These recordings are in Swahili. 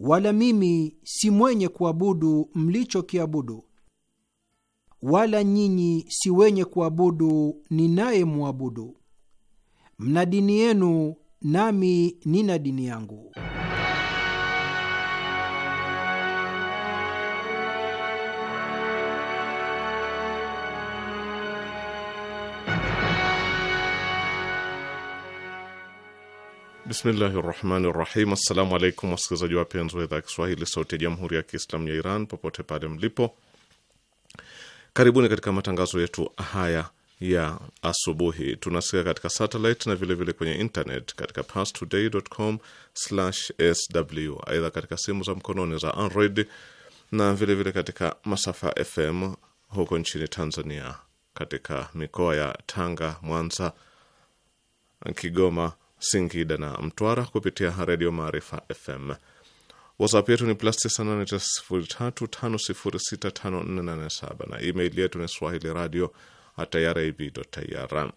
wala mimi si mwenye kuabudu mlichokiabudu, wala nyinyi si wenye kuabudu mwabudu Mna dini yenu, nami nina dini yangu. Bismillahi rahmani rahim. Assalamu alaikum wasikilizaji wapenzi wa idhaa ya Kiswahili sauti ya jamhuri ya Kiislamu ya Iran popote pale mlipo, karibuni katika matangazo yetu haya ya asubuhi. Tunasikia katika satelit na vilevile vile kwenye internet katika parstoday.com/sw. Aidha, katika simu za mkononi za Android na vilevile vile katika masafa FM huko nchini Tanzania, katika mikoa ya Tanga, Mwanza, Kigoma Singida na Mtwara kupitia Redio Maarifa FM. WhatsApp yetu ni plus 9893565487 na email yetu ni swahili radio irivr.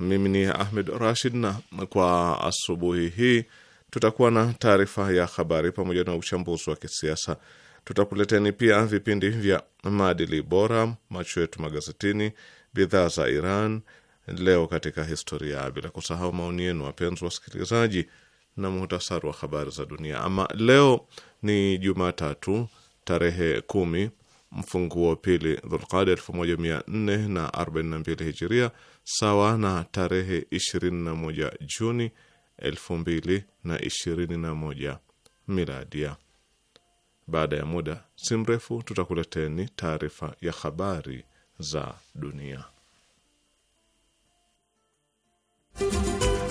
Mimi ni Ahmed Rashid, na kwa asubuhi hii tutakuwa na taarifa ya habari pamoja na uchambuzi wa kisiasa. Tutakuleteni pia vipindi vya maadili bora, macho yetu magazetini, bidhaa za Iran, leo katika historia, bila kusahau maoni yenu, wapenzi wasikilizaji, na muhtasari wa habari za dunia. Ama leo ni Jumatatu tarehe kumi mfunguo pili Dhulqada mbili hijiria sawa na tarehe 21 Juni moja miladia. Baada ya muda si mrefu tutakuleteni taarifa ya habari za dunia. you.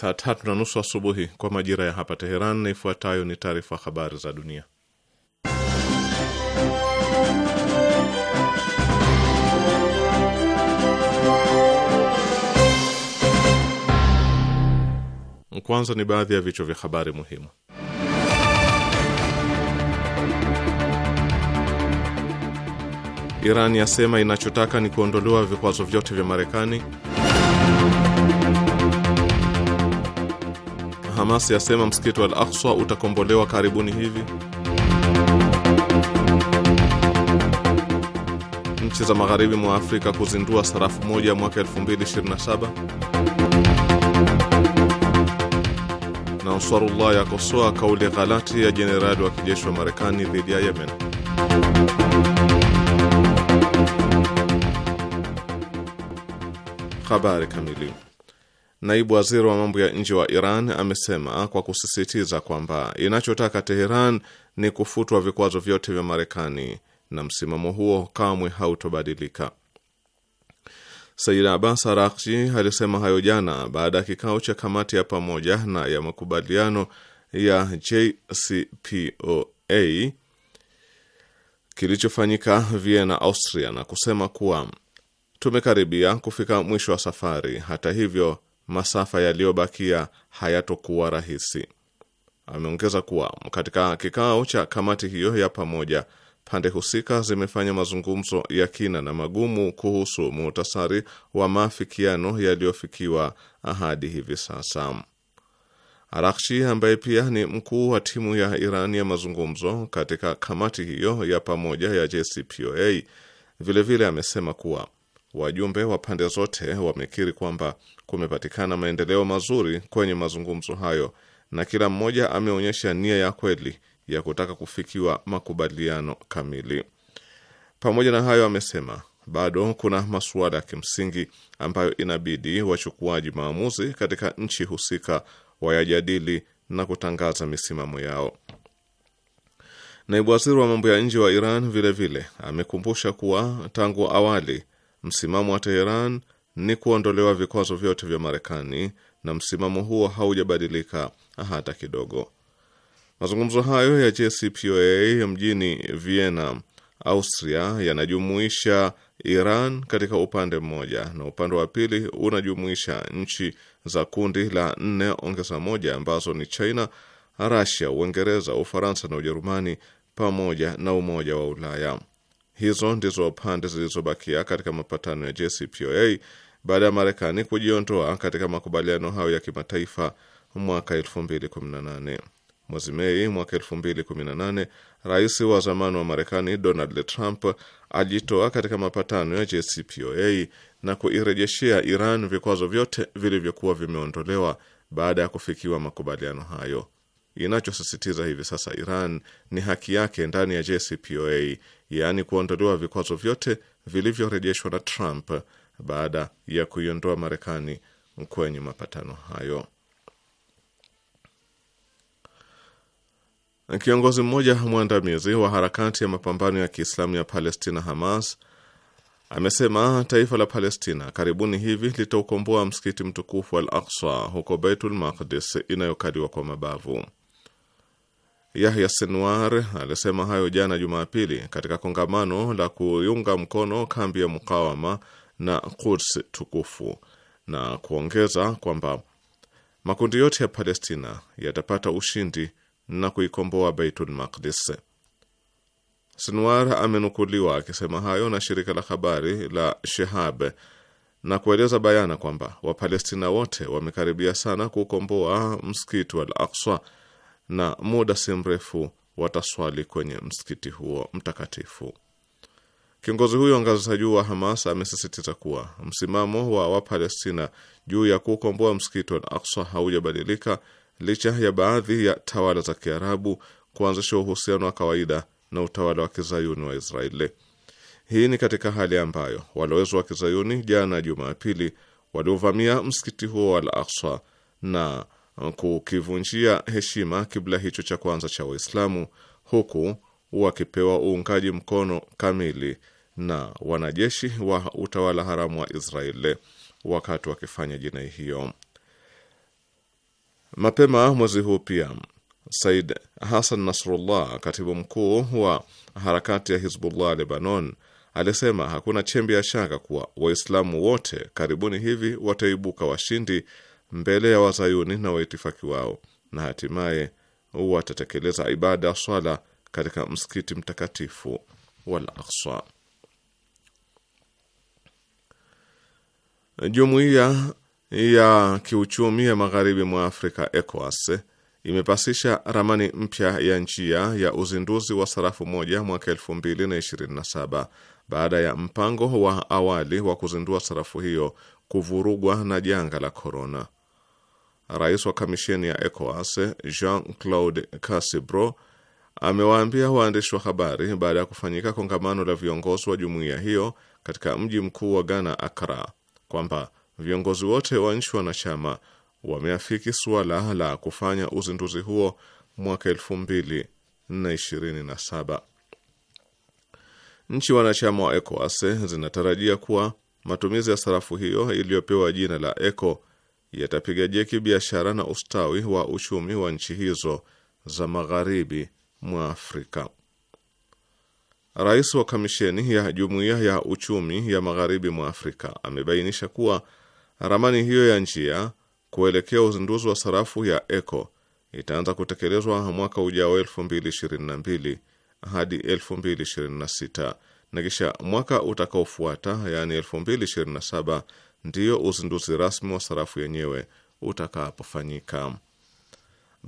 saa tatu na nusu asubuhi kwa majira ya hapa Teheran, na ifuatayo ni taarifa habari za dunia. Kwanza ni baadhi ya vichwa vya habari muhimu. Iran yasema inachotaka ni kuondolewa vikwazo vyote vya Marekani. Hamas yasema msikiti wa Al-Aqsa utakombolewa karibuni hivi. Nchi za magharibi mwa Afrika kuzindua sarafu moja mwaka 2027. Na Ansarullah yakosoa kauli ghalati ya jenerali wa kijeshi wa Marekani dhidi ya Yemen. Habari kamili naibu waziri wa mambo ya nje wa Iran amesema kwa kusisitiza kwamba inachotaka Teheran ni kufutwa vikwazo vyote vya Marekani na msimamo huo kamwe hautobadilika. Said Abbas Araghchi alisema hayo jana baada ya kikao cha kamati ya pamoja na ya makubaliano ya JCPOA kilichofanyika Vienna, Austria, na kusema kuwa tumekaribia kufika mwisho wa safari. Hata hivyo masafa yaliyobakia hayatokuwa rahisi. Ameongeza kuwa katika kikao cha kamati hiyo ya pamoja, pande husika zimefanya mazungumzo ya kina na magumu kuhusu muhtasari wa maafikiano yaliyofikiwa hadi hivi sasa. Arakshi ambaye pia ni mkuu wa timu ya Iran ya mazungumzo katika kamati hiyo ya pamoja ya JCPOA vilevile amesema kuwa wajumbe wa pande zote wamekiri kwamba kumepatikana maendeleo mazuri kwenye mazungumzo hayo na kila mmoja ameonyesha nia ya kweli ya kutaka kufikiwa makubaliano kamili. Pamoja na hayo, amesema bado kuna masuala ya kimsingi ambayo inabidi wachukuaji maamuzi katika nchi husika wayajadili na kutangaza misimamo yao. Naibu waziri wa mambo ya nje wa Iran vilevile amekumbusha kuwa tangu awali msimamo wa Teheran ni kuondolewa vikwazo vyote vya Marekani, na msimamo huo haujabadilika hata kidogo. Mazungumzo hayo ya JCPOA mjini Vienna, Austria, yanajumuisha Iran katika upande mmoja na upande wa pili unajumuisha nchi za kundi la nne ongeza moja ambazo ni China, Rasia, Uingereza, Ufaransa na Ujerumani pamoja na Umoja wa Ulaya. Hizo ndizo pande zilizobakia katika mapatano ya JCPOA baada ya Marekani kujiondoa katika makubaliano hayo ya kimataifa mwaka 2018. Mwezi Mei mwaka 2018, rais wa zamani wa Marekani Donald Trump alijitoa katika mapatano ya JCPOA na kuirejeshea Iran vikwazo vyote vilivyokuwa vimeondolewa baada ya kufikiwa makubaliano hayo. Inachosisitiza hivi sasa Iran ni haki yake ndani ya JCPOA, yaani kuondolewa vikwazo vyote vilivyorejeshwa na Trump baada ya kuiondoa Marekani kwenye mapatano hayo. Kiongozi mmoja mwandamizi wa harakati ya mapambano ya Kiislamu ya Palestina, Hamas, amesema taifa la Palestina karibuni hivi litaukomboa msikiti mtukufu Al Aksa huko Baitul Maqdis inayokaliwa kwa mabavu. Yahya Sinwar alisema hayo jana Jumapili katika kongamano la kuiunga mkono kambi ya mukawama na Quds tukufu na kuongeza kwamba makundi yote ya Palestina yatapata ushindi na kuikomboa Baitul Maqdis. Sinwar amenukuliwa akisema hayo na shirika la habari la Shehab na kueleza bayana kwamba Wapalestina wote wamekaribia sana kukomboa msikiti wa Al-Aqsa na muda si mrefu wataswali kwenye msikiti huo mtakatifu. Kiongozi huyo wa ngazi za juu wa Hamas amesisitiza kuwa msimamo wa Wapalestina juu ya kukomboa msikiti wa Al-Aqsa haujabadilika licha ya baadhi ya tawala za Kiarabu kuanzisha uhusiano wa kawaida na utawala wa kizayuni wa Israeli. Hii ni katika hali ambayo walowezi wa kizayuni jana Jumapili waliovamia msikiti huo wa Al-Aqsa na kukivunjia heshima kibla hicho cha kwanza cha Waislamu huku wakipewa uungaji mkono kamili na wanajeshi wa utawala haramu wa Israeli wakati wakifanya jinai hiyo. Mapema mwezi huu pia Said Hassan Nasrullah, katibu mkuu wa harakati ya Hizbullah Lebanon, alisema hakuna chembe ya shaka kuwa Waislamu wote karibuni hivi wataibuka washindi mbele ya Wazayuni na waitifaki wao na hatimaye watatekeleza ibada ya swala katika msikiti mtakatifu wal Aqsa. Jumuiya ya kiuchumi ya magharibi mwa Afrika, ECOWAS, imepasisha ramani mpya ya njia ya uzinduzi wa sarafu moja mwaka elfu mbili na na ishirini saba baada ya mpango wa awali wa kuzindua sarafu hiyo kuvurugwa na janga la korona. Rais wa kamisheni ya ECOWAS Jean Claude Casibro amewaambia waandishi wa habari baada ya kufanyika kongamano la viongozi wa jumuiya hiyo katika mji mkuu wa Ghana, Akra, kwamba viongozi wote wa nchi wanachama wameafiki suala la kufanya uzinduzi huo mwaka elfu mbili na ishirini na saba. Nchi wanachama wa ECOWAS zinatarajia kuwa matumizi ya sarafu hiyo iliyopewa jina la ECO yatapiga jeki biashara na ustawi wa uchumi wa nchi hizo za magharibi mwa Afrika. Rais wa kamisheni ya jumuiya ya uchumi ya magharibi mwa Afrika amebainisha kuwa ramani hiyo ya njia kuelekea uzinduzi wa sarafu ya ECO itaanza kutekelezwa mwaka ujao 2022 hadi 2026 na kisha mwaka utakaofuata yaani 2027 ndiyo uzinduzi rasmi wa sarafu yenyewe utakapofanyika.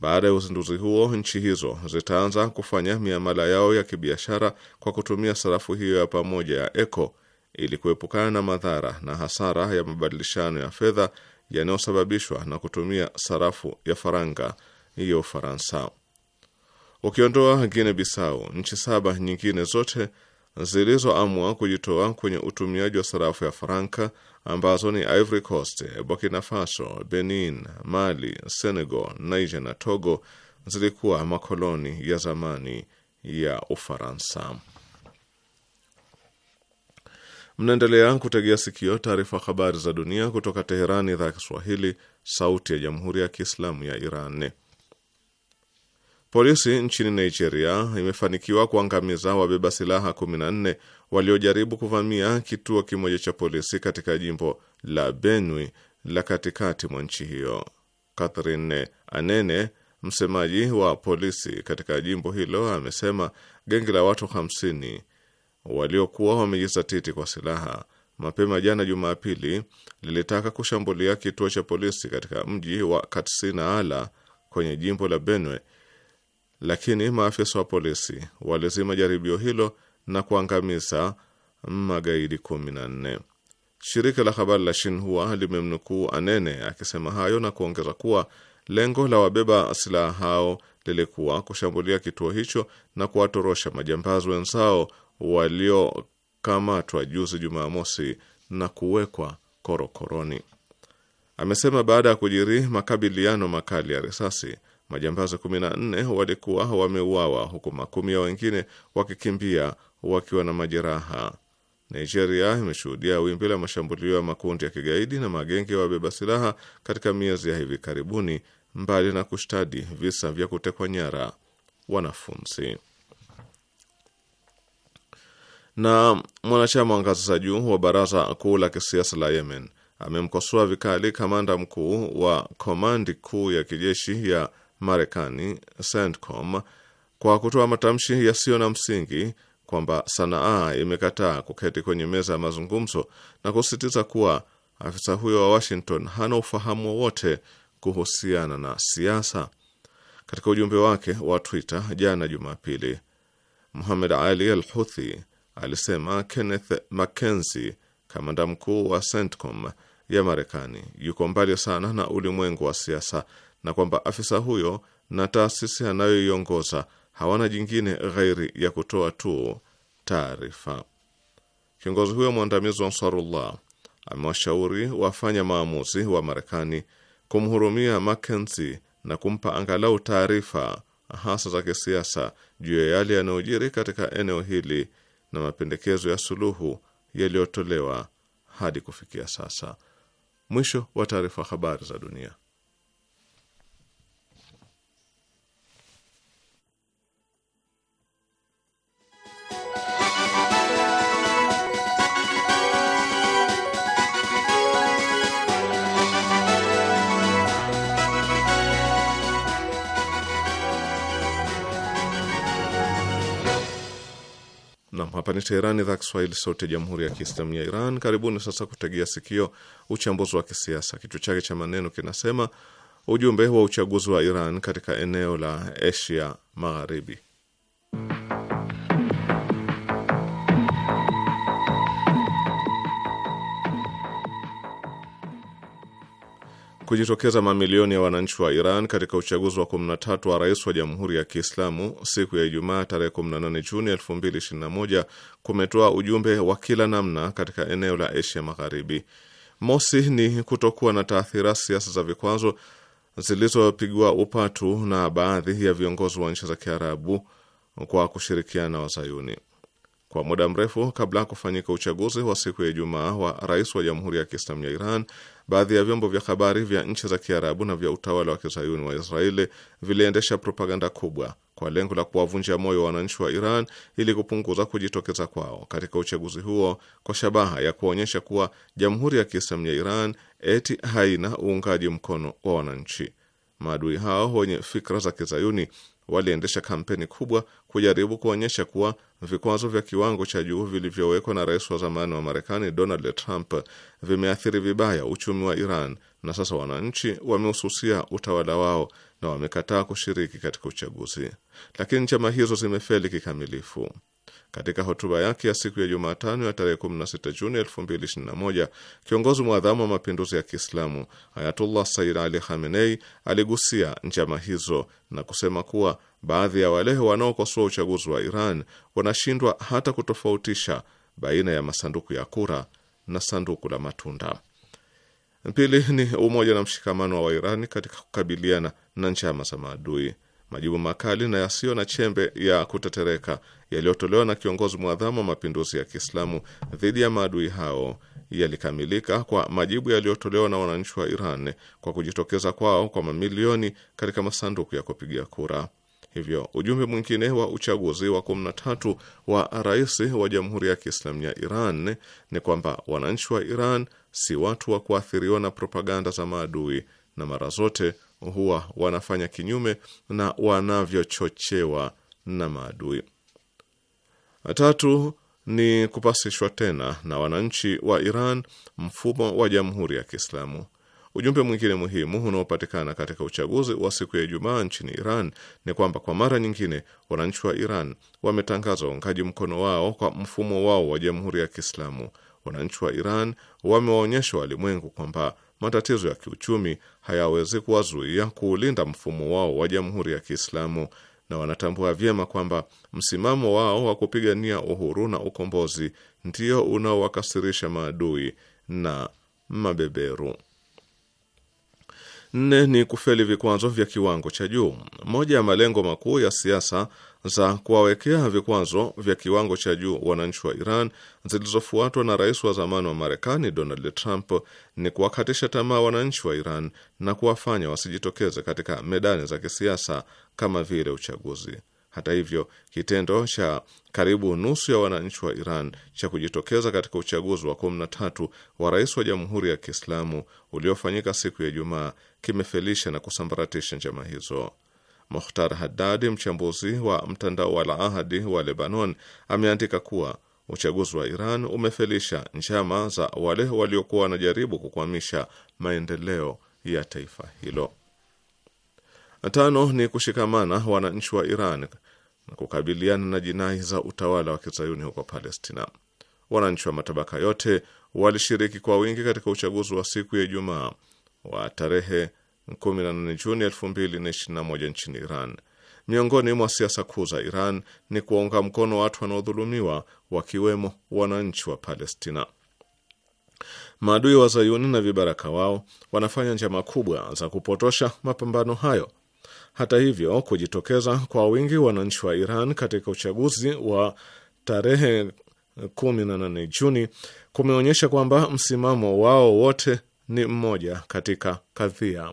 Baada ya uzinduzi huo, nchi hizo zitaanza kufanya miamala yao ya kibiashara kwa kutumia sarafu hiyo ya pamoja ya ECO ili kuepukana na madhara na hasara ya mabadilishano ya fedha yanayosababishwa na kutumia sarafu ya faranga ya Ufaransa. Ukiondoa Guinea Bissau, nchi saba nyingine zote zilizoamua kujitoa kwenye utumiaji wa sarafu ya faranka ambazo ni Ivory Coast, Burkina Faso, Benin, Mali, Senegal, Niger na Togo zilikuwa makoloni ya zamani ya Ufaransa. Mnaendelea kutegea sikio taarifa habari za dunia kutoka Teherani, idhaa ya Kiswahili, sauti ya jamhuri ya kiislamu ya Iran. Polisi nchini Nigeria imefanikiwa kuangamiza wabeba silaha waliojaribu kuvamia kituo kimoja cha polisi katika jimbo la Benue la katikati mwa nchi hiyo. Catherine Anene, msemaji wa polisi katika jimbo hilo, amesema genge la watu 50 waliokuwa wamejizatiti kwa silaha mapema jana Jumapili lilitaka kushambulia kituo cha polisi katika mji wa Katsinaala kwenye jimbo la Benue, lakini maafisa wa polisi walizima jaribio hilo na kuangamiza magaidi kumi na nne. Shirika la habari la Shinhua limemnukuu Anene akisema hayo na kuongeza kuwa lengo la wabeba silaha hao lilikuwa kushambulia kituo hicho na kuwatorosha majambazi wenzao waliokamatwa juzi Jumamosi na kuwekwa korokoroni. Amesema baada ya kujiri makabiliano makali ya risasi, majambazi 14 walikuwa wameuawa huku makumi ya wengine wakikimbia wakiwa na majeraha. Nigeria imeshuhudia wimbi la mashambulio ya makundi ya kigaidi na magenge wa wabeba silaha katika miezi ya hivi karibuni, mbali na kushtadi visa vya kutekwa nyara wanafunzi. Na mwanachama wa ngazi za juu wa baraza kuu la kisiasa la Yemen amemkosoa vikali kamanda mkuu wa komandi kuu ya kijeshi ya Marekani CENTCOM kwa kutoa matamshi yasiyo na msingi kwamba Sanaa imekataa kuketi kwenye meza ya mazungumzo na kusisitiza kuwa afisa huyo wa Washington hana ufahamu wowote kuhusiana na siasa. Katika ujumbe wake wa Twitter jana Jumapili, Muhamed Ali al Huthi alisema Kenneth McKenzie, kamanda mkuu wa CENTCOM ya Marekani, yuko mbali sana na ulimwengu wa siasa na kwamba afisa huyo na taasisi anayoiongoza hawana jingine ghairi ya kutoa tu taarifa. Kiongozi huyo mwandamizi wa Ansarullah amewashauri wafanya maamuzi wa Marekani kumhurumia Makenzi na kumpa angalau taarifa hasa za kisiasa juu ya yale yanayojiri katika eneo hili na mapendekezo ya suluhu yaliyotolewa hadi kufikia sasa. Mwisho wa taarifa. Habari za dunia. Hapa ni Teherani, idhaa Kiswahili, sauti ya jamhuri ya kiislamu ya Iran. Karibuni sasa kutegea sikio uchambuzi wa kisiasa, kichwa chake cha maneno kinasema ujumbe wa uchaguzi wa Iran katika eneo la Asia Magharibi. kujitokeza mamilioni ya wananchi wa Iran katika uchaguzi wa 13 wa rais wa Jamhuri ya Kiislamu siku ya Ijumaa tarehe 18 Juni 2021 kumetoa ujumbe wa kila namna katika eneo la Asia Magharibi. Mosi ni kutokuwa na taathira siasa za vikwazo zilizopigwa upatu na baadhi ya viongozi wa nchi za Kiarabu kwa kushirikiana na Wazayuni. Kwa muda mrefu kabla ya kufanyika uchaguzi wa siku ya Ijumaa wa rais wa Jamhuri ya Kiislamu ya Iran, Baadhi ya vyombo vya habari vya nchi za Kiarabu na vya utawala wa kizayuni wa Israeli viliendesha propaganda kubwa kwa lengo la kuwavunja moyo wananchi wa Iran ili kupunguza kujitokeza kwao katika uchaguzi huo kwa shabaha ya kuonyesha kuwa Jamhuri ya Kiislamu ya Iran eti haina uungaji mkono wa wananchi. Maadui hao wenye fikra za kizayuni waliendesha kampeni kubwa kujaribu kuonyesha kuwa vikwazo vya kiwango cha juu vilivyowekwa na rais wa zamani wa Marekani Donald Trump vimeathiri vibaya uchumi wa Iran, na sasa wananchi wamehususia utawala wao na wamekataa kushiriki katika uchaguzi. Lakini chama hizo zimefeli kikamilifu. Katika hotuba yake ya siku ya Jumatano ya tarehe 16 Juni 2021, kiongozi mwadhamu wa mapinduzi ya Kiislamu Ayatullah Sayyid Ali Khamenei aligusia njama hizo na kusema kuwa baadhi ya wale wanaokosoa uchaguzi wa Iran wanashindwa hata kutofautisha baina ya masanduku ya kura na sanduku la matunda. Pili ni umoja na mshikamano wa Wairani katika kukabiliana na njama za maadui majibu makali na yasiyo na chembe ya kutetereka yaliyotolewa na kiongozi mwadhamu wa mapinduzi ya Kiislamu dhidi ya maadui hao yalikamilika kwa majibu yaliyotolewa na wananchi wa Iran kwa kujitokeza kwao kwa mamilioni katika masanduku ya kupiga kura. Hivyo ujumbe mwingine wa uchaguzi wa 13 wa rais wa Jamhuri ya Kiislamu ya Iran ni kwamba wananchi wa Iran si watu wa kuathiriwa na propaganda za maadui na mara zote huwa wanafanya kinyume na wanavyochochewa na maadui. Tatu ni kupasishwa tena na wananchi wa Iran mfumo wa Jamhuri ya Kiislamu. Ujumbe mwingine muhimu unaopatikana katika uchaguzi wa siku ya Ijumaa nchini Iran ni kwamba kwa mara nyingine wananchi wa Iran wametangaza uungaji mkono wao kwa mfumo wao wa Jamhuri ya Kiislamu. Wananchi wa Iran wamewaonyesha walimwengu kwamba matatizo ya kiuchumi hayawezi kuwazuia kuulinda mfumo wao wa Jamhuri ya Kiislamu na wanatambua vyema kwamba msimamo wao wa kupigania uhuru na ukombozi ndio unaowakasirisha maadui na mabeberu. Nne ni kufeli vikwazo vya kiwango cha juu. Moja ya malengo makuu ya siasa za kuwawekea vikwazo vya kiwango cha juu wananchi wa Iran zilizofuatwa na rais wa zamani wa Marekani Donald Trump ni kuwakatisha tamaa wananchi wa Iran na kuwafanya wasijitokeze katika medani za kisiasa kama vile uchaguzi. Hata hivyo, kitendo cha karibu nusu ya wananchi wa Iran cha kujitokeza katika uchaguzi wa 13 wa rais wa Jamhuri ya Kiislamu uliofanyika siku ya Ijumaa kimefelisha na kusambaratisha njama hizo. Mukhtar Haddadi, mchambuzi wa mtandao wa Al-Ahadi wa Lebanon, ameandika kuwa uchaguzi wa Iran umefelisha njama za wale waliokuwa wanajaribu kukwamisha maendeleo ya taifa hilo. Tano ni kushikamana wananchi wa Iran kukabiliana na jinai za utawala wa kizayuni huko Palestina. Wananchi wa matabaka yote walishiriki kwa wingi katika uchaguzi wa siku ya Ijumaa wa tarehe 18 Juni 2021 nchini Iran. Miongoni mwa siasa kuu za Iran ni kuwaunga mkono watu wanaodhulumiwa wakiwemo wananchi wa Palestina. Maadui wa Zayuni na vibaraka wao wanafanya njama kubwa za kupotosha mapambano hayo. Hata hivyo, kujitokeza kwa wingi wananchi wa Iran katika uchaguzi wa tarehe 18 Juni kumeonyesha kwamba msimamo wao wote ni mmoja katika kadhia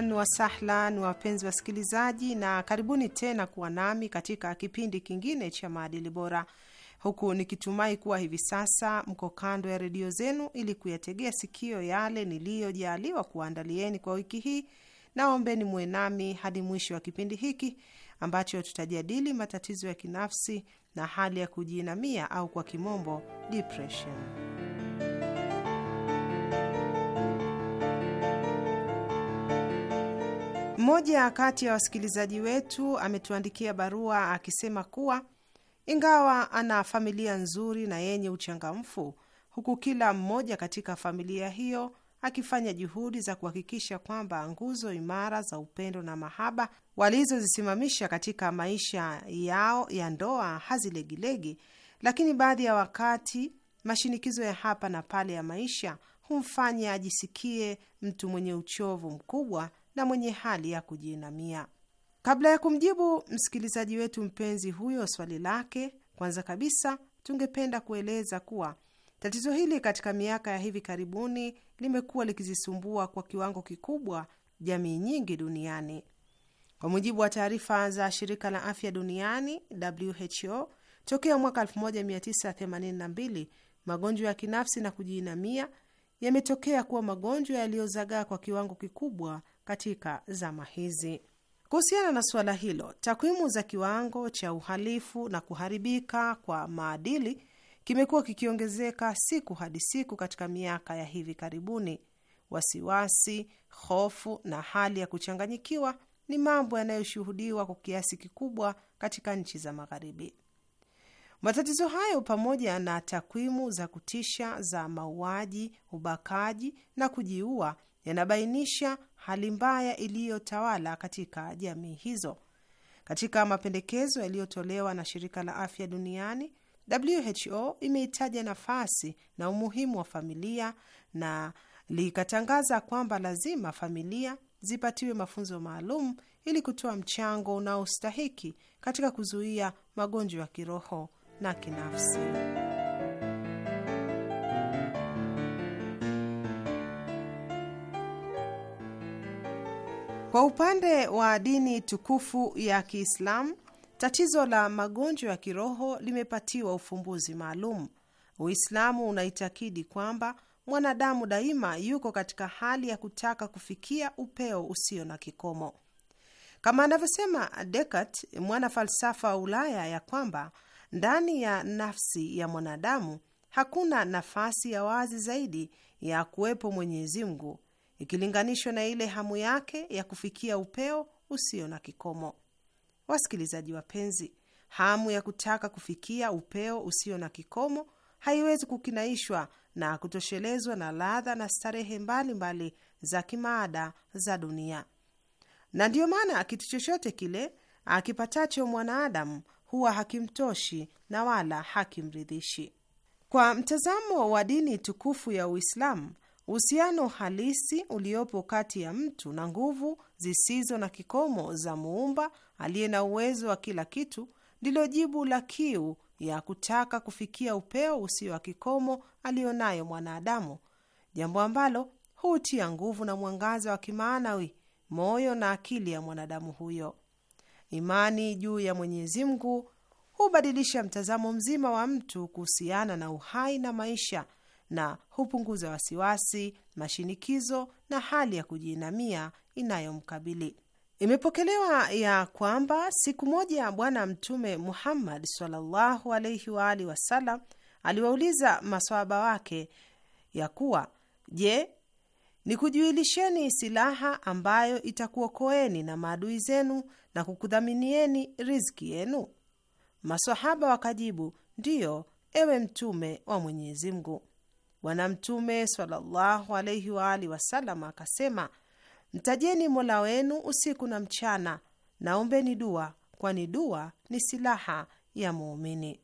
Ahlan wasahlan, wapenzi wasikilizaji, na karibuni tena kuwa nami katika kipindi kingine cha maadili bora, huku nikitumai kuwa hivi sasa mko kando ya redio zenu ili kuyategea sikio yale niliyojaaliwa kuwaandalieni kwa wiki hii. Naombeni muwe nami hadi mwisho wa kipindi hiki ambacho tutajadili matatizo ya kinafsi na hali ya kujiinamia au kwa kimombo depression. Mmoja kati ya wasikilizaji wetu ametuandikia barua akisema kuwa ingawa ana familia nzuri na yenye uchangamfu, huku kila mmoja katika familia hiyo akifanya juhudi za kuhakikisha kwamba nguzo imara za upendo na mahaba walizozisimamisha katika maisha yao ya ndoa hazilegilegi, lakini baadhi ya wakati mashinikizo ya hapa na pale ya maisha humfanya ajisikie mtu mwenye uchovu mkubwa na mwenye hali ya kujiinamia. Kabla ya kumjibu msikilizaji wetu mpenzi huyo swali lake, kwanza kabisa tungependa kueleza kuwa tatizo hili katika miaka ya hivi karibuni limekuwa likizisumbua kwa kiwango kikubwa jamii nyingi duniani. Kwa mujibu wa taarifa za shirika la afya duniani WHO, tokea mwaka 1982 magonjwa ya kinafsi na kujiinamia yametokea kuwa magonjwa yaliyozagaa kwa kiwango kikubwa katika zama hizi. Kuhusiana na suala hilo, takwimu za kiwango cha uhalifu na kuharibika kwa maadili kimekuwa kikiongezeka siku hadi siku katika miaka ya hivi karibuni. Wasiwasi, hofu na hali ya kuchanganyikiwa ni mambo yanayoshuhudiwa kwa kiasi kikubwa katika nchi za Magharibi. Matatizo hayo pamoja na takwimu za kutisha za mauaji, ubakaji na kujiua yanabainisha hali mbaya iliyotawala katika jamii hizo. Katika mapendekezo yaliyotolewa na shirika la afya duniani WHO imeitaja nafasi na umuhimu wa familia na likatangaza kwamba lazima familia zipatiwe mafunzo maalum ili kutoa mchango unaostahiki katika kuzuia magonjwa ya kiroho na kinafsi. Kwa upande wa dini tukufu ya Kiislamu, tatizo la magonjwa ya kiroho limepatiwa ufumbuzi maalum. Uislamu unaitakidi kwamba mwanadamu daima yuko katika hali ya kutaka kufikia upeo usio na kikomo, kama anavyosema Descartes, mwana falsafa wa Ulaya, ya kwamba ndani ya nafsi ya mwanadamu hakuna nafasi ya wazi zaidi ya kuwepo Mwenyezi Mungu ikilinganishwa na ile hamu yake ya kufikia upeo usio na kikomo. Wasikilizaji wapenzi, hamu ya kutaka kufikia upeo usio na kikomo haiwezi kukinaishwa na kutoshelezwa na ladha na starehe mbalimbali mbali za kimaada za dunia, na ndiyo maana kitu chochote kile akipatacho mwanaadamu huwa hakimtoshi na wala hakimridhishi. Kwa mtazamo wa dini tukufu ya Uislamu, uhusiano halisi uliopo kati ya mtu na nguvu zisizo na kikomo za muumba aliye na uwezo wa kila kitu ndilo jibu la kiu ya kutaka kufikia upeo usio wa kikomo aliyonayo mwanadamu, jambo ambalo huutia nguvu na mwangaza wa kimaanawi moyo na akili ya mwanadamu huyo. Imani juu ya Mwenyezi Mungu hubadilisha mtazamo mzima wa mtu kuhusiana na uhai na maisha na hupunguza wasiwasi, mashinikizo na hali ya kujiinamia inayomkabili. Imepokelewa ya kwamba siku moja Bwana Mtume Muhammad sallallahu alaihi wa alihi wasallam aliwauliza maswahaba wake ya kuwa, je, nikujuilisheni silaha ambayo itakuokoeni na maadui zenu na kukudhaminieni riziki yenu? Masahaba wakajibu, ndiyo, ewe Mtume wa Mwenyezi Mungu. Bwana Mtume sallallahu alaihi wa alihi wasallam akasema, mtajeni mola wenu usiku na mchana, naombeni dua, kwani dua ni silaha ya muumini.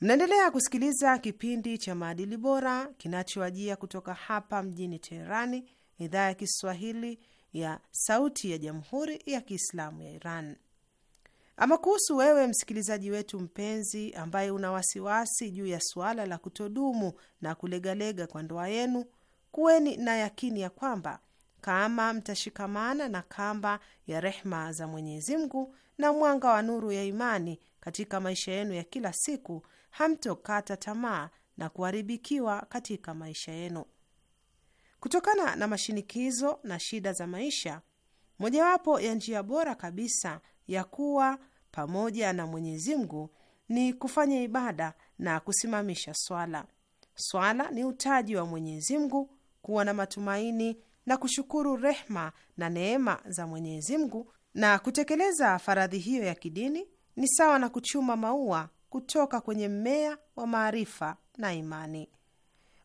Mnaendelea kusikiliza kipindi cha maadili bora kinachoajia kutoka hapa mjini Teherani, idhaa ya Kiswahili ya Sauti ya Jamhuri ya Kiislamu ya Iran. Ama kuhusu wewe msikilizaji wetu mpenzi, ambaye una wasiwasi juu ya suala la kutodumu na kulegalega kwa ndoa yenu, kuweni na yakini ya kwamba kama mtashikamana na kamba ya rehma za Mwenyezi Mungu na mwanga wa nuru ya imani katika maisha yenu ya kila siku, hamtokata tamaa na kuharibikiwa katika maisha yenu kutokana na mashinikizo na shida za maisha. Mojawapo ya njia bora kabisa ya kuwa pamoja na Mwenyezi Mungu ni kufanya ibada na kusimamisha swala. Swala ni utaji wa Mwenyezi Mungu, kuwa na matumaini na kushukuru rehma na neema za Mwenyezi Mungu, na kutekeleza faradhi hiyo ya kidini ni sawa na kuchuma maua kutoka kwenye mmea wa maarifa na imani.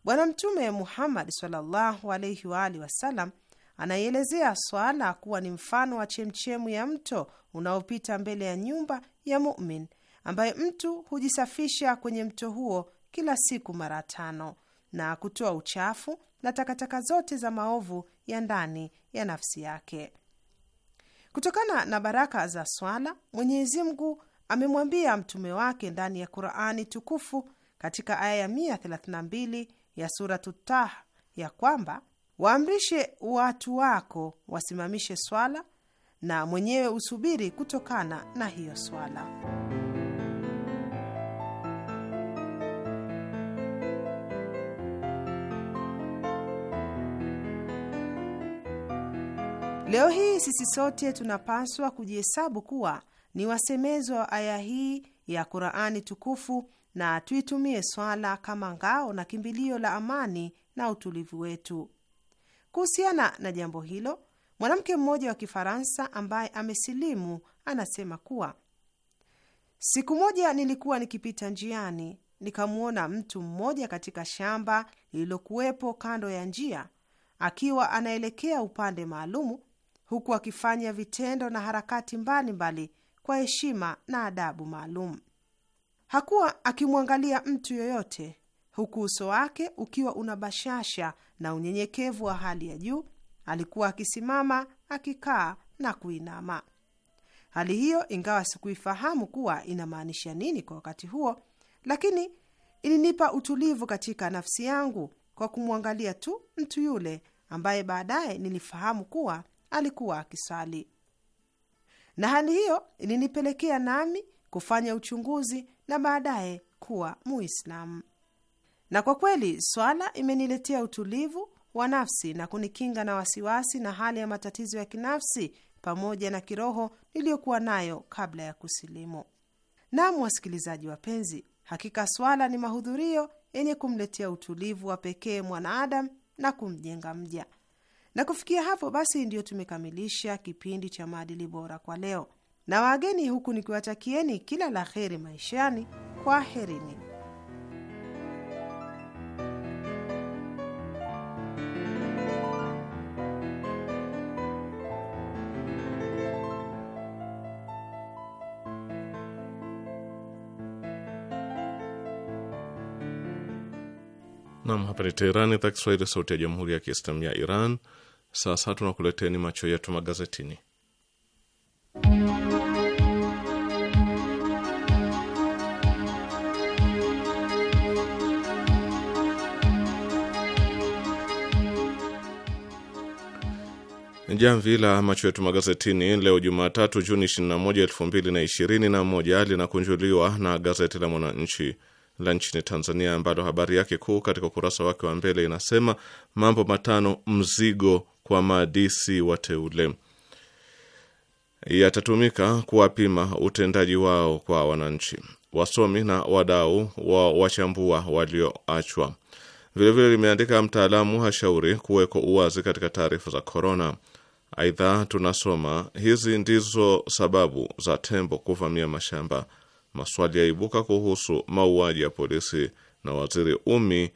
Bwana Mtume Muhammad sallallahu alaihi waalihi alihi wa Anaielezea swala kuwa ni mfano wa chemchemu ya mto unaopita mbele ya nyumba ya mumin, ambaye mtu hujisafisha kwenye mto huo kila siku mara tano na kutoa uchafu na takataka zote za maovu ya ndani ya nafsi yake. Kutokana na baraka za swala, Mwenyezi Mungu amemwambia mtume wake ndani ya Qurani tukufu katika aya ya 132 ya Suratu Taha ya kwamba waamrishe watu wako wasimamishe swala na mwenyewe usubiri kutokana na hiyo swala. Leo hii sisi sote tunapaswa kujihesabu kuwa ni wasemezwa wa aya hii ya Qur'ani tukufu na tuitumie swala kama ngao na kimbilio la amani na utulivu wetu. Kuhusiana na jambo hilo, mwanamke mmoja wa Kifaransa ambaye amesilimu anasema kuwa siku moja nilikuwa nikipita njiani nikamwona mtu mmoja katika shamba lililokuwepo kando ya njia akiwa anaelekea upande maalumu huku akifanya vitendo na harakati mbalimbali mbali kwa heshima na adabu maalum. Hakuwa akimwangalia mtu yoyote, huku uso wake ukiwa una bashasha na unyenyekevu wa hali ya juu, alikuwa akisimama, akikaa na kuinama. Hali hiyo, ingawa sikuifahamu kuwa inamaanisha nini kwa wakati huo, lakini ilinipa utulivu katika nafsi yangu kwa kumwangalia tu mtu yule ambaye baadaye nilifahamu kuwa alikuwa akisali, na hali hiyo ilinipelekea nami kufanya uchunguzi na baadaye kuwa Muislamu na kwa kweli swala imeniletea utulivu wa nafsi na kunikinga na wasiwasi na hali ya matatizo ya kinafsi pamoja na kiroho niliyokuwa nayo kabla ya kusilimu. Naam, wasikilizaji wapenzi, hakika swala ni mahudhurio yenye kumletea utulivu wa pekee mwanaadamu na kumjenga mja. Na kufikia hapo basi, ndiyo tumekamilisha kipindi cha maadili bora kwa leo na wageni, huku nikiwatakieni kila la heri maishani. Kwaherini. Nam, hapa ni Teherani, idhaa Kiswahili, sauti ya jamhuri ya kiislamu ya Iran. Sasa tunakuleteni macho yetu magazetini. Jamvi la macho yetu magazetini leo Jumatatu, Juni 21, 2021 linakunjuliwa na gazeti la Mwananchi la nchini Tanzania ambalo habari yake kuu katika ukurasa wake wa mbele inasema mambo matano mzigo kwa maadisi wateule yatatumika kuwapima utendaji wao kwa wananchi. Wasomi na wadau wa wachambua walioachwa. Vilevile limeandika mtaalamu hashauri kuweko uwazi katika taarifa za korona. Aidha tunasoma hizi ndizo sababu za tembo kuvamia mashamba maswali yaibuka kuhusu mauaji ya polisi na waziri Umi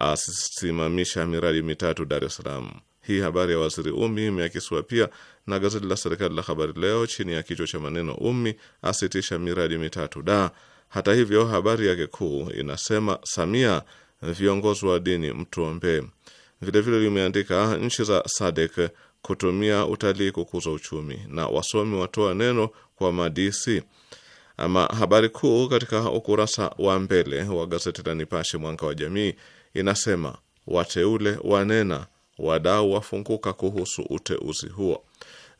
asimamisha miradi mitatu Dar es Salaam. Hii habari ya waziri Umi imeakisiwa pia na gazeti la serikali la Habari Leo chini ya kichwa cha maneno Umi asitisha miradi mitatu da. Hata hivyo, habari yake kuu inasema Samia, viongozi wa dini mtuombee. Vilevile limeandika nchi za Sadek kutumia utalii kukuza uchumi, na wasomi watoa neno kwa madisi ama habari kuu katika ukurasa wa mbele wa gazeti la Nipashe Mwanga wa Jamii inasema wateule wanena, wadau wafunguka kuhusu uteuzi huo.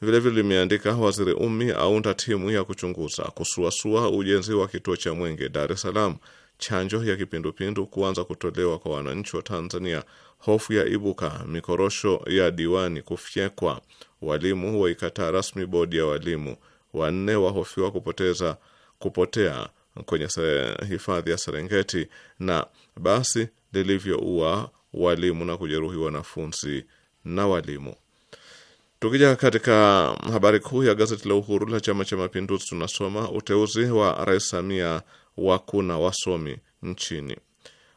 Vilevile limeandika Waziri Ummi aunda timu ya kuchunguza kusuasua ujenzi wa kituo cha Mwenge, Dar es Salaam. Chanjo ya kipindupindu kuanza kutolewa kwa wananchi wa Tanzania. Hofu ya ibuka, mikorosho ya diwani kufyekwa. Walimu waikataa rasmi bodi ya walimu. Wanne wahofiwa kupoteza kupotea kwenye hifadhi ya Serengeti na basi lilivyoua walimu na kujeruhi wanafunzi na walimu. Tukija katika habari kuu ya gazeti la Uhuru la Chama cha Mapinduzi, tunasoma uteuzi wa Rais Samia wa kuna wasomi nchini.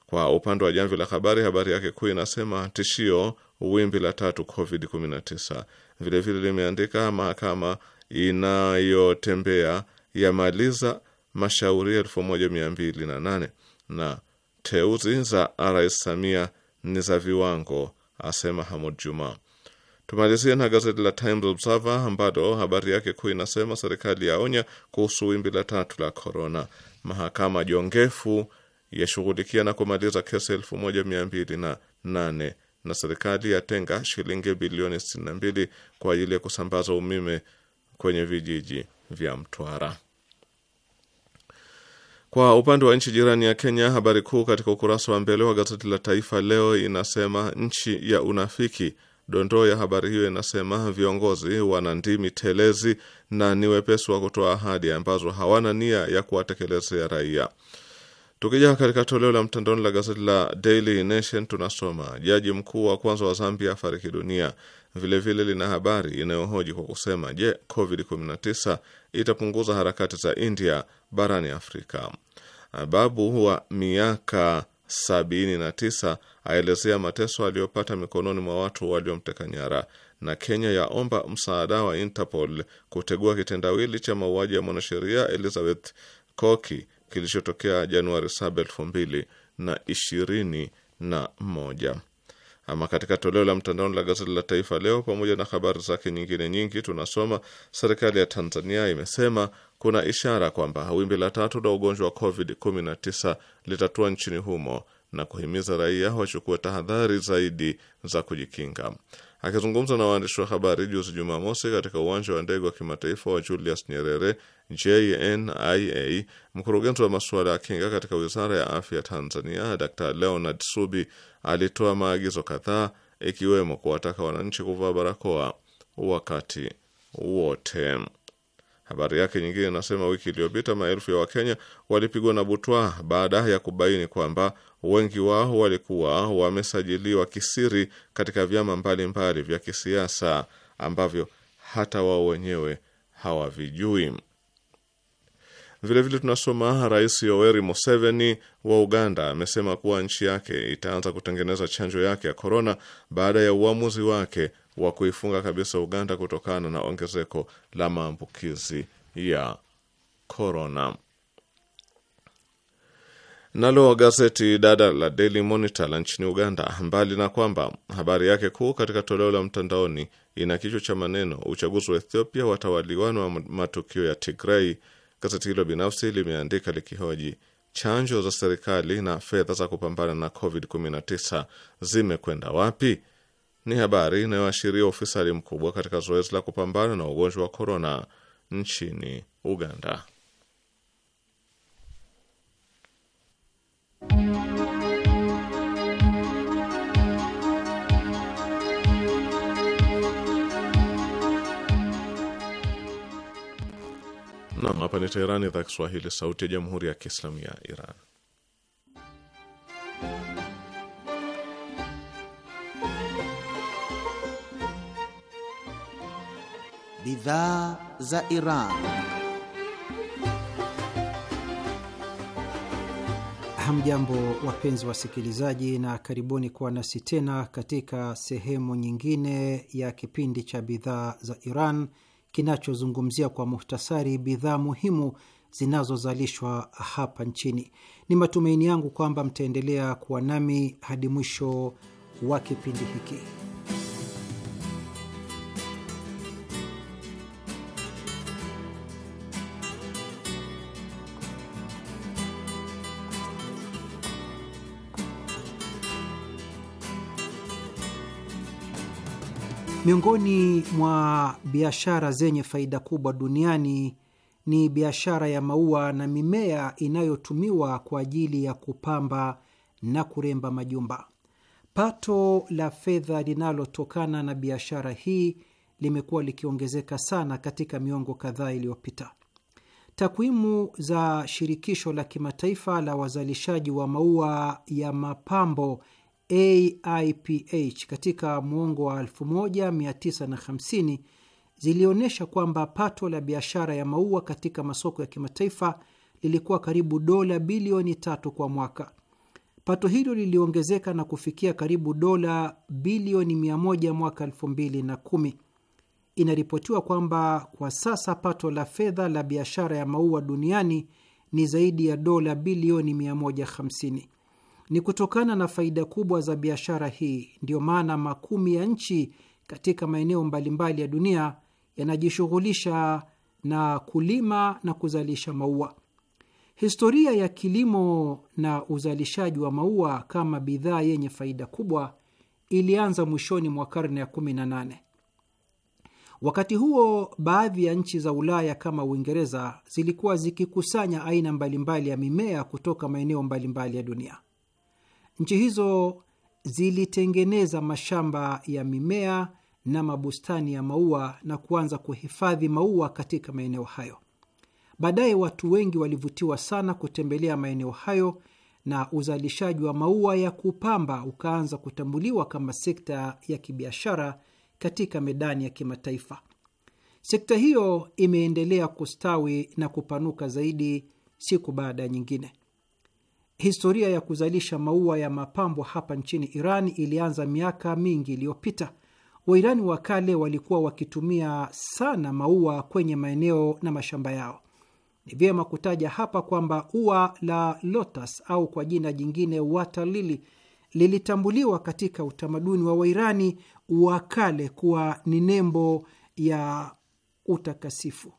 Kwa upande wa Jamvi la Habari, habari yake kuu inasema tishio wimbi la tatu COVID-19. Vilevile limeandika mahakama inayotembea yamaliza mashauri mbili na teuzi za Rais Samia ni za viwango, asema Hamud Juma. Tumalizie na gazeti la Times Observer ambalo habari yake kuu inasema serikali yaonya kuhusu wimbi la tatu la korona. Mahakama jongefu yashughulikia na kumaliza kesi mbili na, na serikali yatenga shilingi bilioni 62 kwa ajili ya kusambaza umeme kwenye vijiji vya Mtwara. Kwa upande wa nchi jirani ya Kenya, habari kuu katika ukurasa wa mbele wa gazeti la Taifa Leo inasema nchi ya unafiki. Dondoo ya habari hiyo inasema viongozi wana ndimi telezi na ni wepesi wa kutoa ahadi ambazo hawana nia ya kuwatekelezea raia. Tukija katika toleo la mtandaoni la gazeti la Daily Nation tunasoma jaji mkuu wa kwanza wa Zambia afariki dunia vilevile lina habari inayohoji kwa kusema, je, COVID-19 itapunguza harakati za India barani Afrika? Babu wa miaka 79 aelezea mateso aliyopata mikononi mwa watu waliomteka nyara, na Kenya yaomba msaada wa Interpol kutegua kitendawili cha mauaji ya mwanasheria Elizabeth Koki kilichotokea Januari 7, 2021. Ama katika toleo la mtandaoni la gazeti la Taifa Leo, pamoja na habari zake nyingine nyingi, tunasoma serikali ya Tanzania imesema kuna ishara kwamba wimbi la tatu la ugonjwa wa COVID-19 litatua nchini humo na kuhimiza raia wachukue tahadhari zaidi za kujikinga. Akizungumza na waandishi wa habari juzi Jumamosi katika uwanja wa ndege wa kimataifa wa Julius Nyerere JNIA, mkurugenzi wa masuala ya kinga katika wizara ya afya Tanzania Dr Leonard Subi alitoa maagizo kadhaa, ikiwemo kuwataka wananchi kuvaa barakoa wakati wote. Habari yake nyingine inasema wiki iliyopita maelfu ya Wakenya walipigwa na butwa baada ya kubaini kwamba wengi wao walikuwa wamesajiliwa kisiri katika vyama mbalimbali vya kisiasa ambavyo hata wao wenyewe hawavijui. Vilevile tunasoma Rais Yoweri Museveni wa Uganda amesema kuwa nchi yake itaanza kutengeneza chanjo yake ya korona baada ya uamuzi wake wa kuifunga kabisa Uganda kutokana na ongezeko la maambukizi ya korona. Nalo gazeti dada la Daily Monitor la nchini Uganda, mbali na kwamba habari yake kuu katika toleo la mtandaoni ina kichwa cha maneno uchaguzi wa Ethiopia watawaliwana wa matukio ya Tigrei, gazeti hilo binafsi limeandika likihoji chanjo za serikali na fedha za kupambana na COVID-19 zimekwenda wapi? ni habari inayoashiria ufisadi mkubwa katika zoezi la kupambana na ugonjwa wa korona nchini Uganda. Nam, hapa ni Teherani, idhaa Kiswahili, sauti ya jamhuri ya kiislamu ya Iran. bidhaa za Iran. Hamjambo, wapenzi wasikilizaji, na karibuni kuwa nasi tena katika sehemu nyingine ya kipindi cha bidhaa za Iran kinachozungumzia kwa muhtasari bidhaa muhimu zinazozalishwa hapa nchini. Ni matumaini yangu kwamba mtaendelea kuwa nami hadi mwisho wa kipindi hiki. Miongoni mwa biashara zenye faida kubwa duniani ni biashara ya maua na mimea inayotumiwa kwa ajili ya kupamba na kuremba majumba. Pato la fedha linalotokana na biashara hii limekuwa likiongezeka sana katika miongo kadhaa iliyopita. Takwimu za shirikisho la kimataifa la wazalishaji wa maua ya mapambo AIPH katika mwongo wa 1950 zilionyesha kwamba pato la biashara ya maua katika masoko ya kimataifa lilikuwa karibu dola bilioni tatu kwa mwaka. Pato hilo liliongezeka na kufikia karibu dola bilioni 1 mwaka 21 Inaripotiwa kwamba kwa sasa pato la fedha la biashara ya maua duniani ni zaidi ya dola bilioni 150. Ni kutokana na faida kubwa za biashara hii ndiyo maana makumi ya nchi katika maeneo mbalimbali ya dunia yanajishughulisha na kulima na kuzalisha maua. Historia ya kilimo na uzalishaji wa maua kama bidhaa yenye faida kubwa ilianza mwishoni mwa karne ya 18. Wakati huo baadhi ya nchi za Ulaya kama Uingereza zilikuwa zikikusanya aina mbalimbali ya mimea kutoka maeneo mbalimbali ya dunia. Nchi hizo zilitengeneza mashamba ya mimea na mabustani ya maua na kuanza kuhifadhi maua katika maeneo hayo. Baadaye watu wengi walivutiwa sana kutembelea maeneo hayo na uzalishaji wa maua ya kupamba ukaanza kutambuliwa kama sekta ya kibiashara katika medani ya kimataifa. Sekta hiyo imeendelea kustawi na kupanuka zaidi siku baada ya nyingine. Historia ya kuzalisha maua ya mapambo hapa nchini Iran ilianza miaka mingi iliyopita. Wairani wa kale walikuwa wakitumia sana maua kwenye maeneo na mashamba yao. Ni vyema kutaja hapa kwamba ua la lotus au kwa jina jingine watalili lilitambuliwa katika utamaduni wa Wairani wa kale kuwa ni nembo ya utakasifu.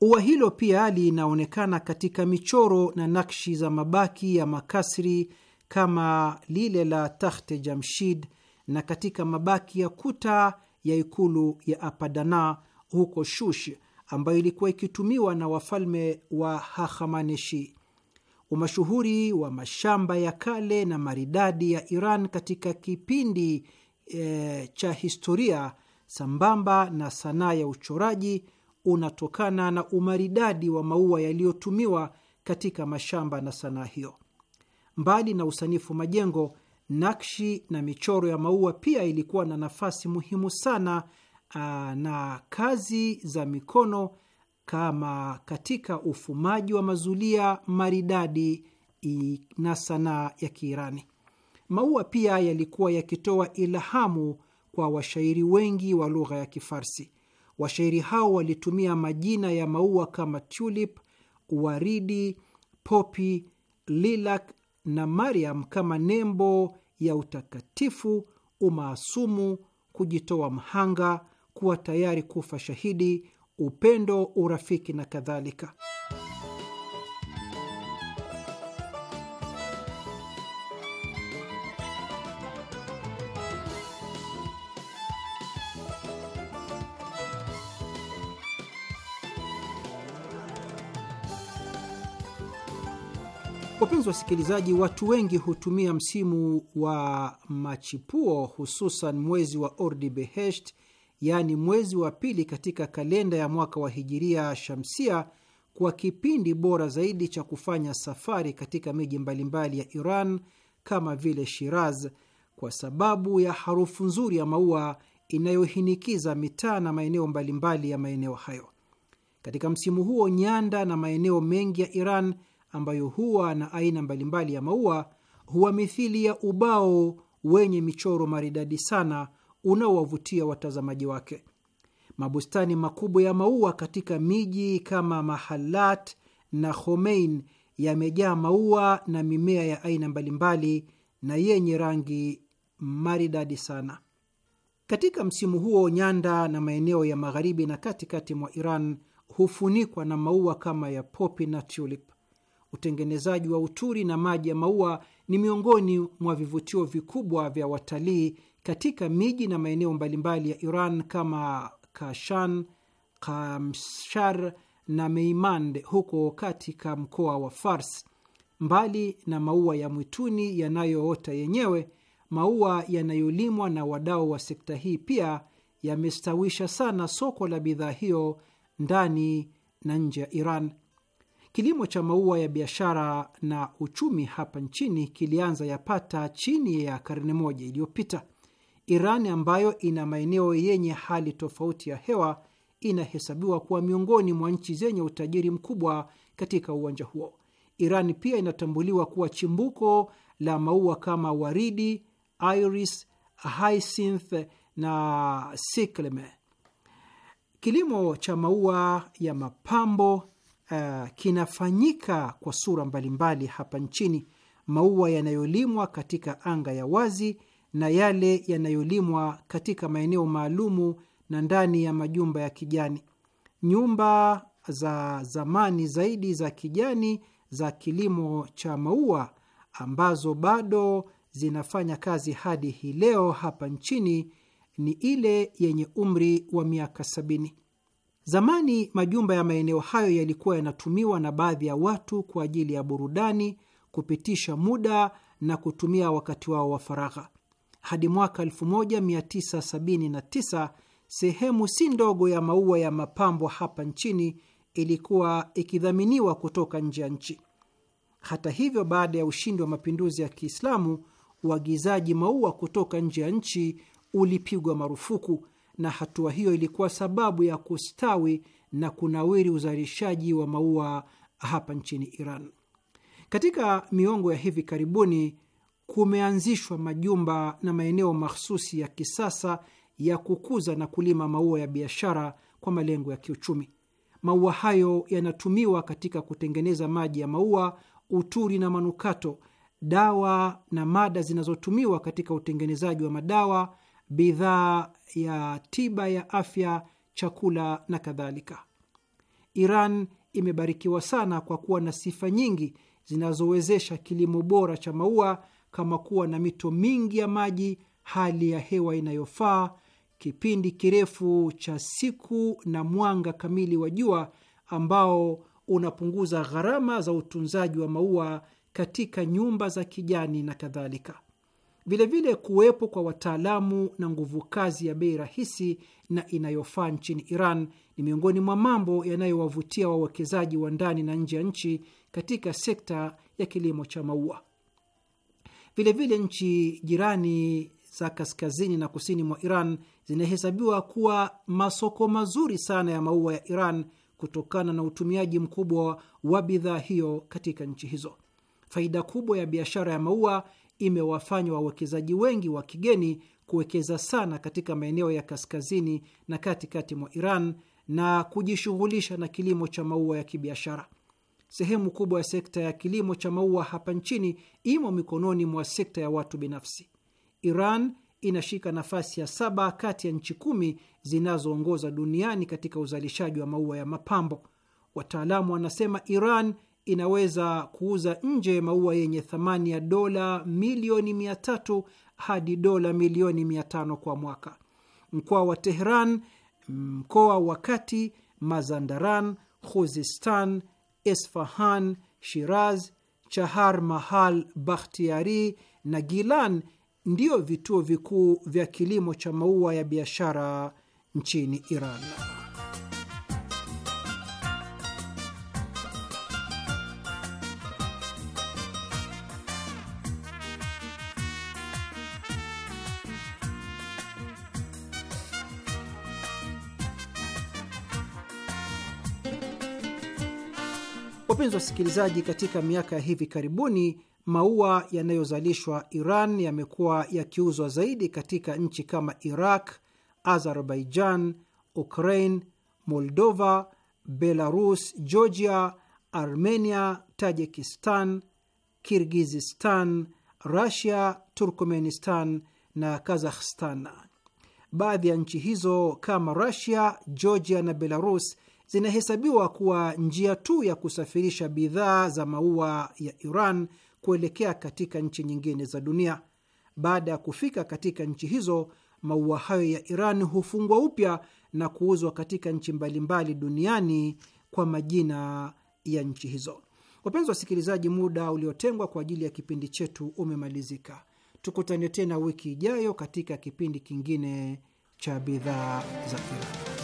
Ua hilo pia linaonekana katika michoro na nakshi za mabaki ya makasri kama lile la tahte Jamshid na katika mabaki ya kuta ya ikulu ya Apadana huko Shush ambayo ilikuwa ikitumiwa na wafalme wa Hahamaneshi. Umashuhuri wa mashamba ya kale na maridadi ya Iran katika kipindi e, cha historia sambamba na sanaa ya uchoraji unatokana na umaridadi wa maua yaliyotumiwa katika mashamba na sanaa hiyo. Mbali na usanifu majengo, nakshi na michoro ya maua pia ilikuwa na nafasi muhimu sana aa, na kazi za mikono kama katika ufumaji wa mazulia maridadi na sanaa ya Kiirani. Maua pia yalikuwa yakitoa ilhamu kwa washairi wengi wa lugha ya Kifarsi. Washairi hao walitumia majina ya maua kama tulip, waridi, popi, lilac na Mariam kama nembo ya utakatifu, umaasumu, kujitoa mhanga, kuwa tayari kufa shahidi, upendo, urafiki na kadhalika. Wapenzi wasikilizaji, watu wengi hutumia msimu wa machipuo, hususan mwezi wa Ordibehesht, yaani mwezi wa pili katika kalenda ya mwaka wa Hijiria Shamsia, kwa kipindi bora zaidi cha kufanya safari katika miji mbalimbali ya Iran kama vile Shiraz, kwa sababu ya harufu nzuri ya maua inayohinikiza mitaa na maeneo mbalimbali ya maeneo hayo. Katika msimu huo, nyanda na maeneo mengi ya Iran ambayo huwa na aina mbalimbali ya maua huwa mithili ya ubao wenye michoro maridadi sana unaowavutia watazamaji wake. Mabustani makubwa ya maua katika miji kama Mahalat na Khomein yamejaa maua na mimea ya aina mbalimbali na yenye rangi maridadi sana. Katika msimu huo, nyanda na maeneo ya magharibi na katikati mwa Iran hufunikwa na maua kama ya popi na tulip utengenezaji wa uturi na maji ya maua ni miongoni mwa vivutio vikubwa vya watalii katika miji na maeneo mbalimbali ya Iran kama Kashan, Kamshar na Meimand huko katika mkoa wa Fars. Mbali na maua ya mwituni yanayoota yenyewe, maua yanayolimwa na wadau wa sekta hii pia yamestawisha sana soko la bidhaa hiyo ndani na nje ya Iran. Kilimo cha maua ya biashara na uchumi hapa nchini kilianza yapata chini ya karne moja iliyopita. Iran ambayo ina maeneo yenye hali tofauti ya hewa inahesabiwa kuwa miongoni mwa nchi zenye utajiri mkubwa katika uwanja huo. Iran pia inatambuliwa kuwa chimbuko la maua kama waridi, iris, hyacinth na sikleme. Kilimo cha maua ya mapambo uh, kinafanyika kwa sura mbalimbali hapa nchini: maua yanayolimwa katika anga ya wazi na yale yanayolimwa katika maeneo maalumu na ndani ya majumba ya kijani. Nyumba za zamani zaidi za kijani za kilimo cha maua ambazo bado zinafanya kazi hadi hii leo hapa nchini ni ile yenye umri wa miaka sabini. Zamani majumba ya maeneo hayo yalikuwa yanatumiwa na baadhi ya watu kwa ajili ya burudani, kupitisha muda na kutumia wakati wao wa faragha. Hadi mwaka 1979 sehemu si ndogo ya maua ya mapambo hapa nchini ilikuwa ikidhaminiwa kutoka nje ya nchi. Hata hivyo, baada ya ushindi wa mapinduzi ya Kiislamu, uagizaji maua kutoka nje ya nchi ulipigwa marufuku na hatua hiyo ilikuwa sababu ya kustawi na kunawiri uzalishaji wa maua hapa nchini Iran. Katika miongo ya hivi karibuni kumeanzishwa majumba na maeneo mahsusi ya kisasa ya kukuza na kulima maua ya biashara kwa malengo ya kiuchumi. Maua hayo yanatumiwa katika kutengeneza maji ya maua, uturi na manukato, dawa na mada zinazotumiwa katika utengenezaji wa madawa bidhaa ya tiba ya afya, chakula na kadhalika. Iran imebarikiwa sana kwa kuwa na sifa nyingi zinazowezesha kilimo bora cha maua kama kuwa na mito mingi ya maji, hali ya hewa inayofaa, kipindi kirefu cha siku na mwanga kamili wa jua ambao unapunguza gharama za utunzaji wa maua katika nyumba za kijani na kadhalika vilevile kuwepo kwa wataalamu na nguvu kazi ya bei rahisi na inayofaa nchini Iran ni miongoni mwa mambo yanayowavutia wawekezaji wa ndani na nje ya nchi katika sekta ya kilimo cha maua. Vilevile nchi jirani za kaskazini na kusini mwa Iran zinahesabiwa kuwa masoko mazuri sana ya maua ya Iran kutokana na utumiaji mkubwa wa bidhaa hiyo katika nchi hizo. Faida kubwa ya biashara ya maua imewafanywa wawekezaji wengi wa kigeni kuwekeza sana katika maeneo ya kaskazini na katikati mwa Iran na kujishughulisha na kilimo cha maua ya kibiashara. Sehemu kubwa ya sekta ya kilimo cha maua hapa nchini imo mikononi mwa sekta ya watu binafsi. Iran inashika nafasi ya saba kati ya nchi kumi zinazoongoza duniani katika uzalishaji wa maua ya mapambo. Wataalamu wanasema Iran inaweza kuuza nje maua yenye thamani ya dola milioni mia tatu hadi dola milioni mia tano kwa mwaka. Mkoa wa Tehran, mkoa wa kati, Mazandaran, Khuzistan, Esfahan, Shiraz, Chahar Mahal, Bakhtiari na Gilan ndiyo vituo vikuu vya kilimo cha maua ya biashara nchini Iran. Wapenzi wasikilizaji, katika miaka ya hivi karibuni maua yanayozalishwa Iran yamekuwa yakiuzwa zaidi katika nchi kama Iraq, Azerbaijan, Ukraine, Moldova, Belarus, Georgia, Armenia, Tajikistan, Kirgizistan, Rusia, Turkmenistan na Kazakhstan. Baadhi ya nchi hizo kama Rusia, Georgia na Belarus zinahesabiwa kuwa njia tu ya kusafirisha bidhaa za maua ya Iran kuelekea katika nchi nyingine za dunia. Baada ya kufika katika nchi hizo, maua hayo ya Iran hufungwa upya na kuuzwa katika nchi mbalimbali duniani kwa majina ya nchi hizo. Wapenzi wasikilizaji, muda uliotengwa kwa ajili ya kipindi chetu umemalizika. Tukutane tena wiki ijayo katika kipindi kingine cha bidhaa za Iran.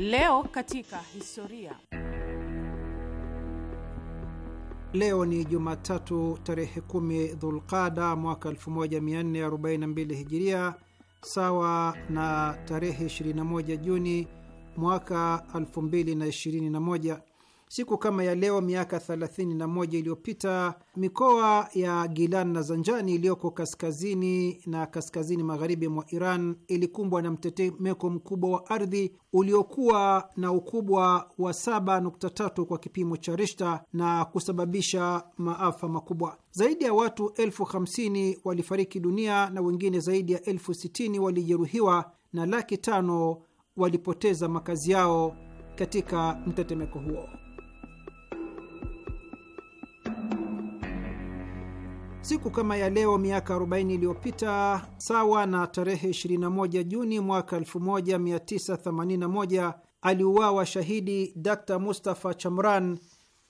Leo katika historia. Leo ni Jumatatu tarehe kumi Dhulqada mwaka 1442 Hijiria, sawa na tarehe 21 Juni mwaka 2021. Siku kama ya leo miaka 31 iliyopita mikoa ya Gilan na Zanjani iliyoko kaskazini na kaskazini magharibi mwa Iran ilikumbwa na mtetemeko mkubwa wa ardhi uliokuwa na ukubwa wa 7.3 kwa kipimo cha Rishta na kusababisha maafa makubwa. Zaidi ya watu elfu hamsini walifariki dunia na wengine zaidi ya elfu sitini walijeruhiwa na laki tano walipoteza makazi yao katika mtetemeko huo. Siku kama ya leo miaka 40 iliyopita, sawa na tarehe 21 Juni mwaka 1981, aliuawa shahidi Dr Mustafa Chamran,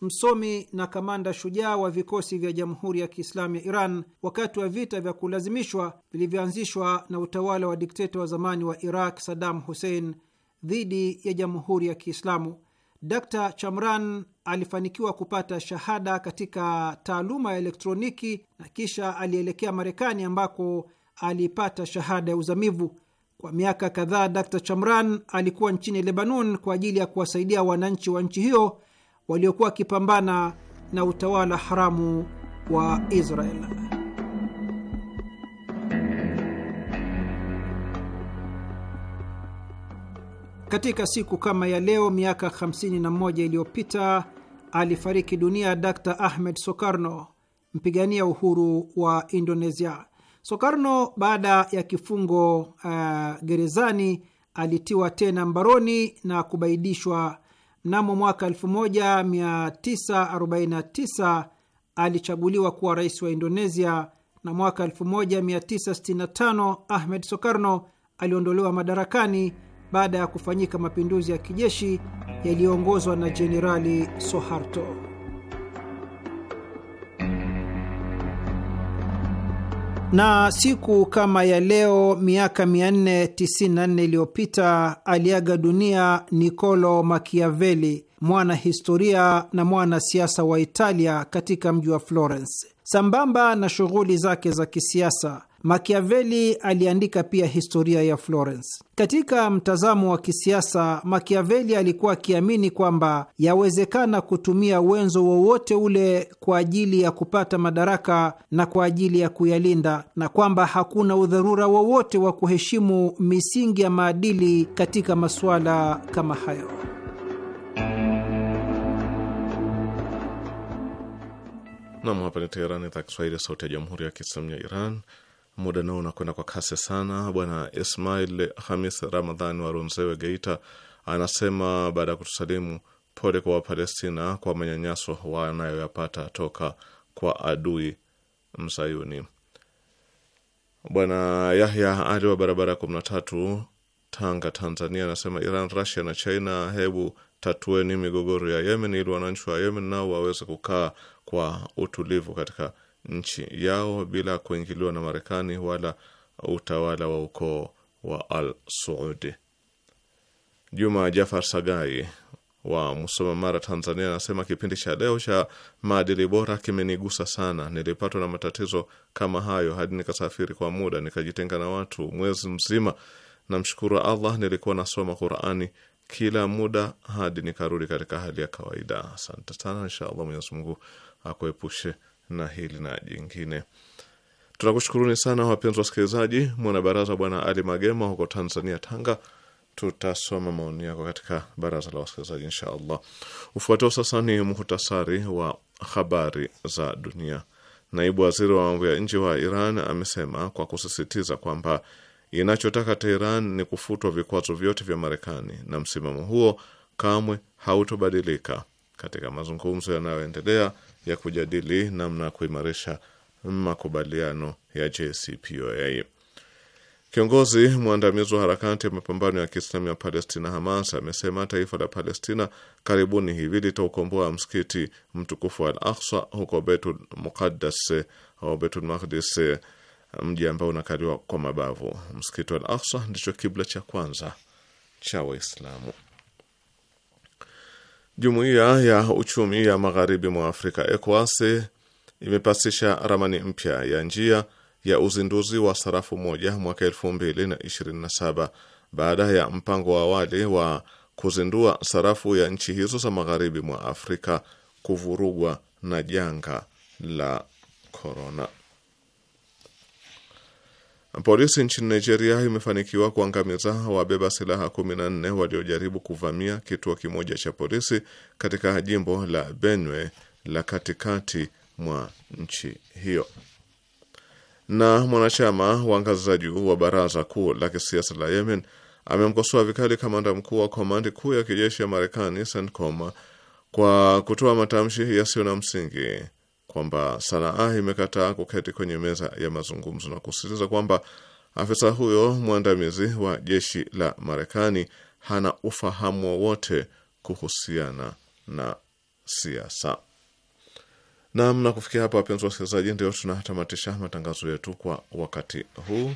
msomi na kamanda shujaa wa vikosi vya Jamhuri ya Kiislamu ya Iran wakati wa vita vya kulazimishwa vilivyoanzishwa na utawala wa dikteta wa zamani wa Iraq Saddam Hussein dhidi ya Jamhuri ya Kiislamu. Dr Chamran alifanikiwa kupata shahada katika taaluma ya elektroniki na kisha alielekea Marekani ambako alipata shahada ya uzamivu. Kwa miaka kadhaa, Dr Chamran alikuwa nchini Lebanon kwa ajili ya kuwasaidia wananchi wa nchi hiyo waliokuwa wakipambana na utawala haramu wa Israel. Katika siku kama ya leo miaka 51 iliyopita alifariki dunia Dr Ahmed Sokarno, mpigania uhuru wa Indonesia. Sokarno baada ya kifungo uh, gerezani alitiwa tena mbaroni na kubaidishwa. Mnamo mwaka 1949 alichaguliwa kuwa rais wa Indonesia, na mwaka 1965 Ahmed Sokarno aliondolewa madarakani baada ya kufanyika mapinduzi ya kijeshi yaliyoongozwa na Jenerali Soharto. Na siku kama ya leo miaka 494 iliyopita aliaga dunia Niccolo Machiavelli, mwana historia na mwana siasa wa Italia katika mji wa Florence. Sambamba na shughuli zake za kisiasa, Machiavelli aliandika pia historia ya Florence. Katika mtazamo wa kisiasa, Machiavelli alikuwa akiamini kwamba yawezekana kutumia wenzo wowote ule kwa ajili ya kupata madaraka na kwa ajili ya kuyalinda, na kwamba hakuna udharura wowote wa kuheshimu misingi ya maadili katika masuala kama hayo. Nam, hapa ni Teherani, idhaa Kiswahili, sauti ya jamhuri ya kiislamu ya Iran. Muda nao unakwenda kwa kasi sana. Bwana Ismail Hamis Ramadhan wa Runzewe, Geita, anasema baada ya kutusalimu, pole kwa Wapalestina kwa manyanyaso wanayoyapata toka kwa adui mzayuni. Bwana Yahya Ali wa barabara ya kumi na tatu, Tanga, Tanzania, anasema Iran, Rusia na China, hebu tatueni migogoro ya Yemen ili wananchi wa Yemen nao waweze kukaa kwa utulivu katika nchi yao bila kuingiliwa na Marekani wala utawala wa ukoo wa Al Saudi. Juma Jafar Sagai wa Musoma, Mara, Tanzania anasema kipindi cha leo cha maadili bora kimenigusa sana. Nilipatwa na matatizo kama hayo hadi nikasafiri kwa muda nikajitenga na watu mwezi mzima. Namshukuru Allah, nilikuwa nasoma Qurani kila muda hadi nikarudi katika hali ya kawaida. Asante sana, inshallah Mwenyezi Mungu akuepushe na hili na jingine. Tunakushukuruni sana wapenzi wasikilizaji. Mwanabaraza Bwana Ali Magema huko Tanzania, Tanga, tutasoma maoni yako katika baraza la wasikilizaji inshaallah. Ufuatao sasa ni muhtasari wa habari za dunia. Naibu waziri wa mambo ya nje wa Iran amesema kwa kusisitiza kwamba inachotaka Teheran ni kufutwa vikwazo vyote vya Marekani, na msimamo huo kamwe hautobadilika katika mazungumzo yanayoendelea ya kujadili namna ya kuimarisha makubaliano ya JCPOA. Kiongozi mwandamizi wa harakati ya mapambano ya Kiislamu ya Palestina, Hamas, amesema taifa la Palestina karibuni hivi litaukomboa msikiti mtukufu wa Al Aksa huko Betul Muqaddas au Betul Maqdis mji ambao unakaliwa kwa mabavu. Msikiti Al Aksa ndicho kibla cha kwanza cha Waislamu. Jumuiya ya uchumi ya magharibi mwa Afrika ECOWAS imepasisha ramani mpya ya njia ya uzinduzi wa sarafu moja mwaka elfu mbili na ishirini na saba baada ya mpango wa awali wa kuzindua sarafu ya nchi hizo za magharibi mwa Afrika kuvurugwa na janga la korona. Polisi nchini Nigeria imefanikiwa kuangamiza wabeba silaha 14 waliojaribu kuvamia kituo kimoja cha polisi katika jimbo la Benue la katikati mwa nchi hiyo. Na mwanachama wa ngazi za juu wa baraza kuu la kisiasa la Yemen amemkosoa vikali kamanda mkuu wa komandi kuu ya kijeshi ya Marekani CENTCOM kwa kutoa matamshi yasiyo na msingi kwamba Sanaa imekataa kuketi kwenye meza ya mazungumzo na kusisitiza kwamba afisa huyo mwandamizi wa jeshi la Marekani hana ufahamu wowote kuhusiana na siasa. Nam na kufikia hapa, wapenzi wasikilizaji, ndio tunatamatisha matangazo yetu kwa wakati huu.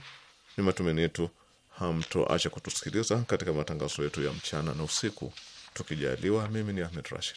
Ni matumaini yetu hamtoacha kutusikiliza katika matangazo yetu ya mchana na usiku tukijaliwa. Mimi ni Ahmed Rashid.